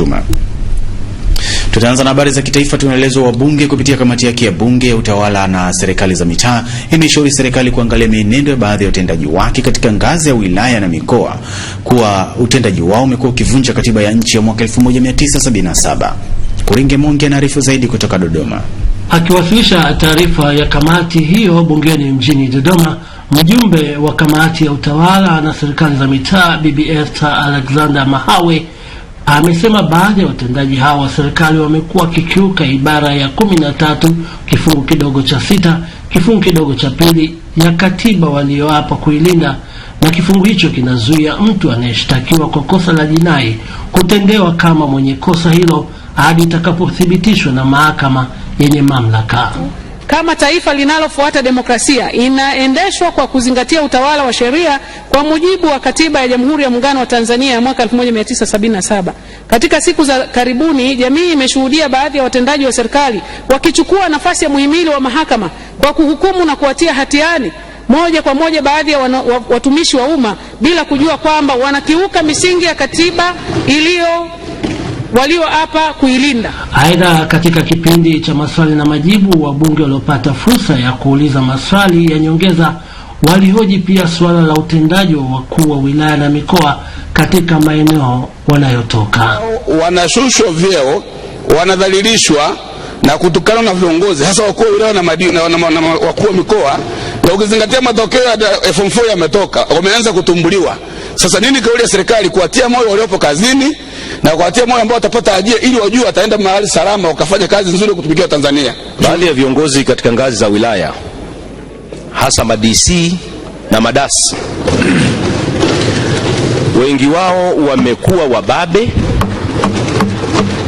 kujituma. Tutaanza na habari za kitaifa. Tunaelezwa wabunge kupitia kamati yake ya bunge ya utawala na serikali za mitaa imeshauri serikali kuangalia mienendo ya baadhi ya utendaji wake katika ngazi ya wilaya na mikoa, kuwa utendaji wao umekuwa ukivunja katiba ya nchi ya mwaka 1977. Kuringe Monge anaarifu zaidi kutoka Dodoma. Akiwasilisha taarifa ya kamati hiyo bungeni mjini Dodoma, mjumbe wa kamati ya utawala na serikali za mitaa bbs Alexander Mahawe Amesema baadhi ya watendaji hao wa serikali wamekuwa wakikiuka ibara ya kumi na tatu kifungu kidogo cha sita kifungu kidogo cha pili ya katiba walioapa kuilinda, na kifungu hicho kinazuia mtu anayeshtakiwa kwa kosa la jinai kutendewa kama mwenye kosa hilo hadi itakapothibitishwa na mahakama yenye mamlaka kama taifa linalofuata demokrasia inaendeshwa kwa kuzingatia utawala wa sheria kwa mujibu wa Katiba ya Jamhuri ya Muungano wa Tanzania ya mwaka 1977. Katika siku za karibuni, jamii imeshuhudia baadhi ya watendaji wa serikali wakichukua nafasi ya muhimili wa mahakama kwa kuhukumu na kuwatia hatiani moja kwa moja baadhi ya watumishi wa umma bila kujua kwamba wanakiuka misingi ya katiba iliyo walioapa kuilinda. Aidha, katika kipindi cha maswali na majibu, wabunge waliopata fursa ya kuuliza maswali ya nyongeza walihoji pia suala la utendaji wa wakuu wa wilaya na mikoa katika maeneo wanayotoka. Wanashushwa vyeo, wanadhalilishwa na kutukana na viongozi, hasa wakuu wa wilaya na wakuu wa mikoa, na ukizingatia matokeo ya FM4 yametoka, wameanza kutumbuliwa. Sasa nini kauli ya serikali kuwatia moyo waliopo kazini na kuwatia moyo ambao watapata ajira ili wajue wataenda mahali salama wakafanya kazi nzuri kutumikia Tanzania. Baadhi ya viongozi katika ngazi za wilaya hasa madc na madasi wengi wao wamekuwa wababe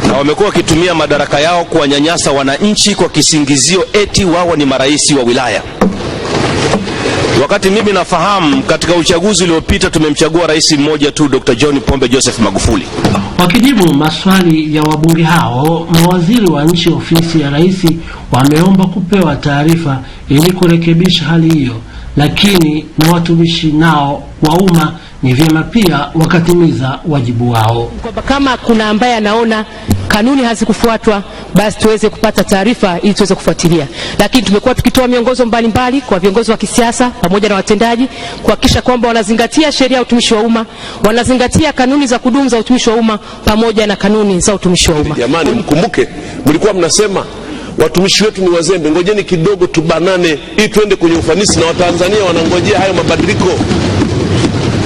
na wamekuwa wakitumia madaraka yao kuwanyanyasa wananchi kwa kisingizio eti wao ni marais wa wilaya. Wakati mimi nafahamu katika uchaguzi uliopita tumemchagua rais mmoja tu, Dr. John Pombe Joseph Magufuli. Wakijibu maswali ya wabunge hao, mawaziri wa nchi ofisi ya rais wameomba kupewa taarifa ili kurekebisha hali hiyo, lakini na watumishi nao wa umma ni vyema pia wakatimiza wajibu wao, kwamba kama kuna ambaye anaona kanuni hazikufuatwa, basi tuweze kupata taarifa ili tuweze kufuatilia. Lakini tumekuwa tukitoa miongozo mbalimbali kwa viongozi wa kisiasa pamoja na watendaji kuhakikisha kwamba wanazingatia sheria ya utumishi wa umma, wanazingatia kanuni za kudumu za utumishi wa umma pamoja na kanuni za utumishi wa umma. Jamani, mkumbuke mlikuwa mnasema watumishi wetu ni wazembe, ngojeni kidogo tubanane ili tuende kwenye ufanisi, na Watanzania wanangojea hayo mabadiliko.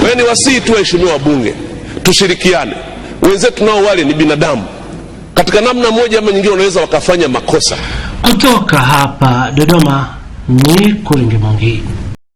Wewe ni wasii tu, waheshimiwa wabunge, tushirikiane. Wenzetu nao wale ni binadamu katika namna moja ama nyingine wanaweza wakafanya makosa. Kutoka hapa Dodoma ni Kulindi